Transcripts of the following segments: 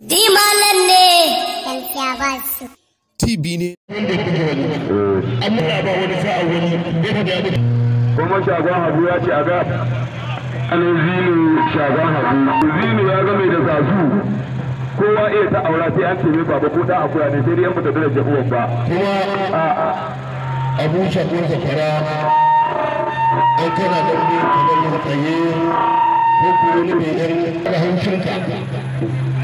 Dimalan ne. Gaskiya ba su. TB ne. Wanda ya kuke wani. Amma ya ba Kuma shagon habu ya ce a ga an zinu shagon habu. Zinu ya game da zazu. Kowa iya ta aura sai an ce mai baba ko ta akuya ne sai dai yan mutu da jahuwan ba. Kuma abu shagon safara an kana da wani kamar mutane ko kuma ne mai yan rahancin ka.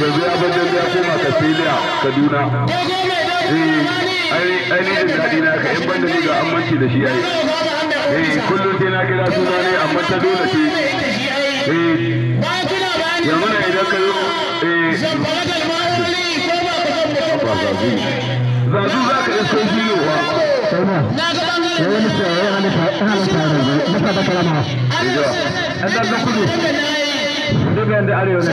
yanzu ya bar ya koma kasilia kaduna eh ai daɗi na ka in banda ni ga aminci da shi ai eh kullum sai na kira suna ne amma ta dole ce eh yanzu na idan ka eh zazu za ka isko biyu wa ya arewa ne.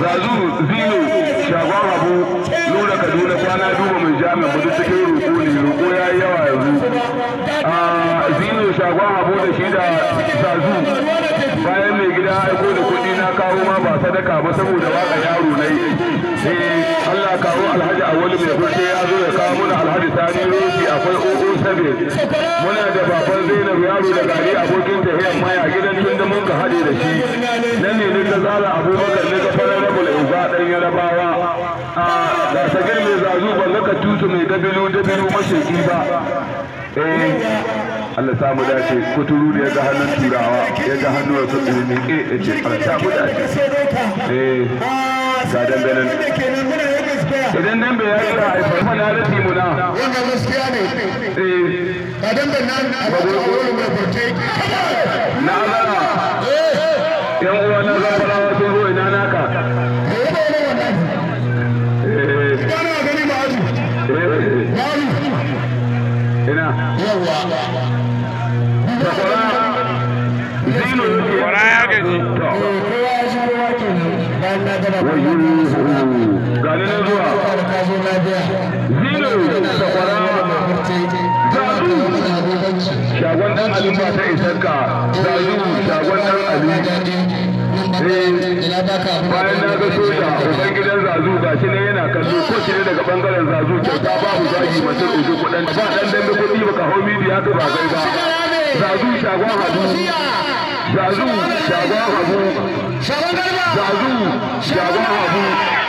zazu zino shagon abu nuna kaduna kwana duba mai jami'in mutu cikin roƙo ne roƙo ya yi yawa yanzu ah, zino shagon abu da shi da zazu bayan mai gida aiko da kuɗi na kawo ma ba sadaka ba saboda waka yaro na yi Allah kawo alhaji a wani mai furke ya zo ya kawo mana alhaji sani roki akwai oo sabe muna da baban zainab yaro da gari abokin hiyar maya gidan tun da mun ka haɗe da shi nan ne ni ka zala abubakar ne fara rabu da uba ɗan yarabawa a gasagir mai zazu ban ka tutu mai dabilu dabilu mashaki ba eh. Allah ta mu dace kuturu da ga hannun turawa ya ga hannun wasu ɗin ya ce Allah ta mu dace eh ga dan dandanan idan dan bai yi ai farfa na rafi mu na wannan gaskiya ne eh ga dan nan a ga wani mai na Allah bayan na ga soja uban gidan zazu ga shi ne yana kallo ko shi ne daga bangaren zazu kyauta babu zagi mace ɗauki kuɗin ba ɗan dambe kuɗi ba ka hau midiya ka ba gai ba zazu shagon hagu zazu shagon hagu zazu shagon hagu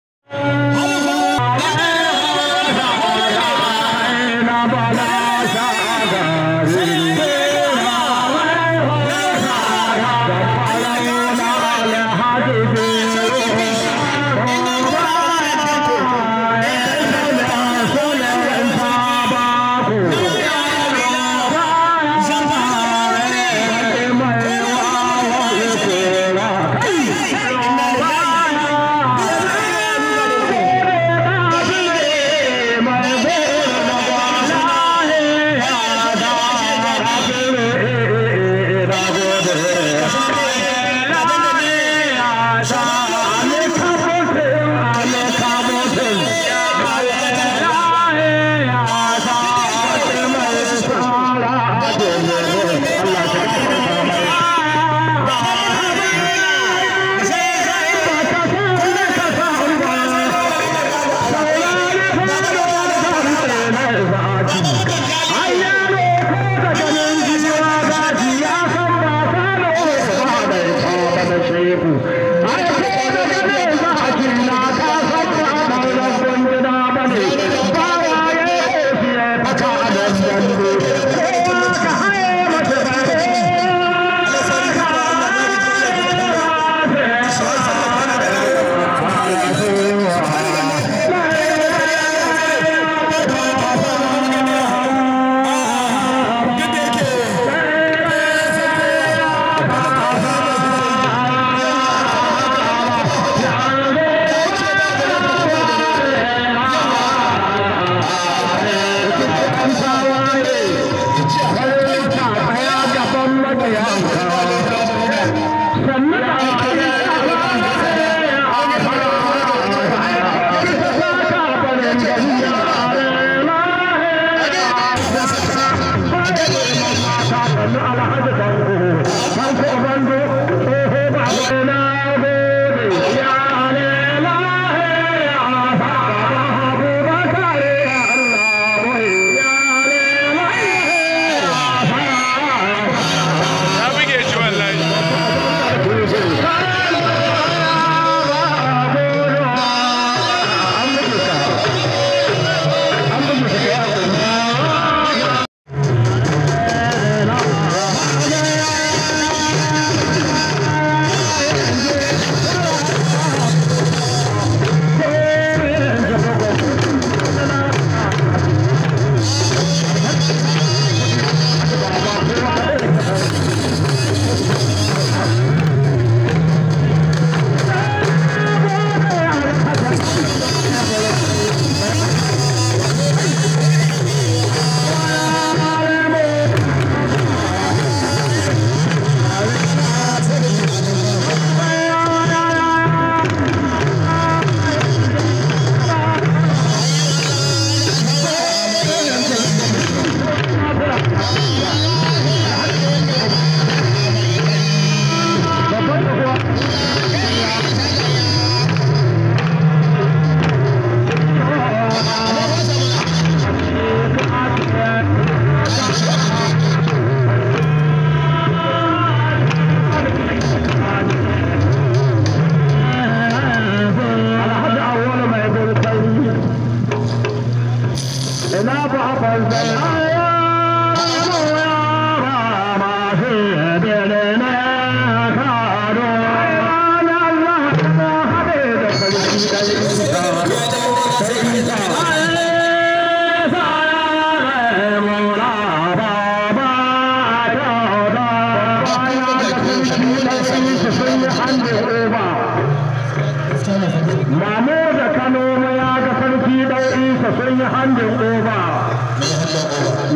mamu da kano ya ga sarki dan isa sun yi hanjin oba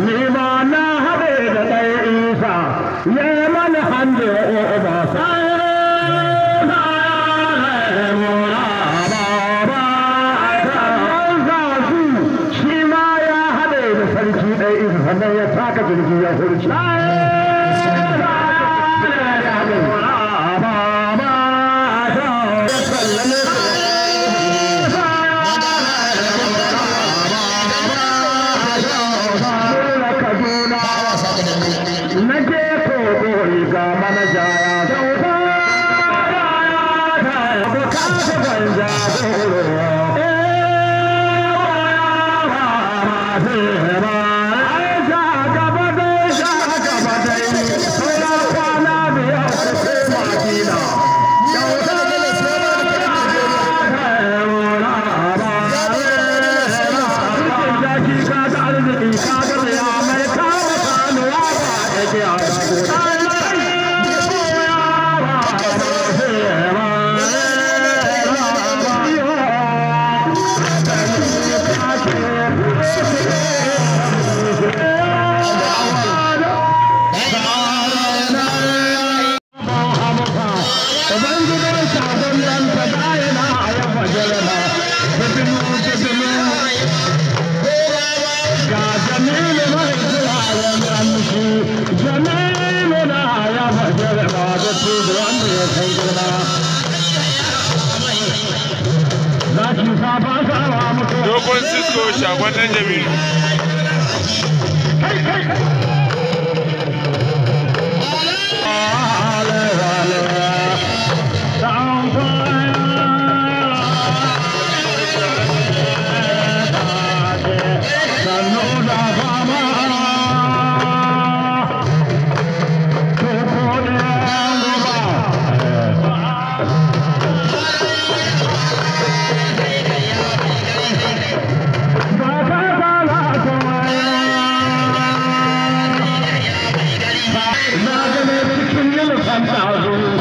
ni ma na haɗe da ɗan isa ya mana hanjin oba sai sarki ɗaya isa sannan ya taka jirgi ya furci. 谢谢二哥。мене не thousand